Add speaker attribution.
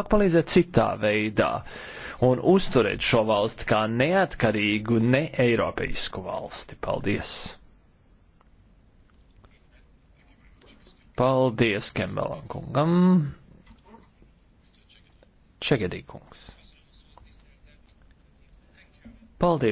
Speaker 1: palīdzēt citā veidā un uzturēt šo valsti kā neatkarīgu, ne eiropeisku valsti. Paldies! Paldies Kembelam kungam! Čegedī kungs! Paldies!